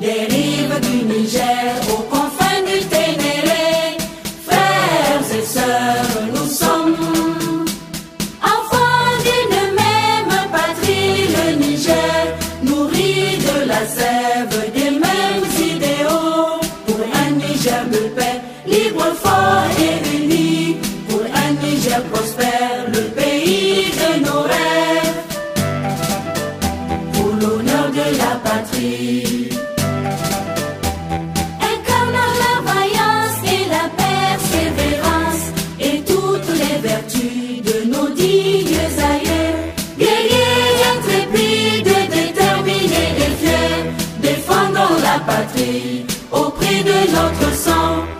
des rives du Niger aux confins du Ténéré. Frères et sœurs, nous sommes enfants d'une même patrie, le Niger, nourri de la sève des mêmes idéaux. Pour un Niger de paix, libre, fort et uni, pour un Niger prospère, le pays de nos rêves. Pour l'honneur de la patrie. patrie, au prix de notre sang.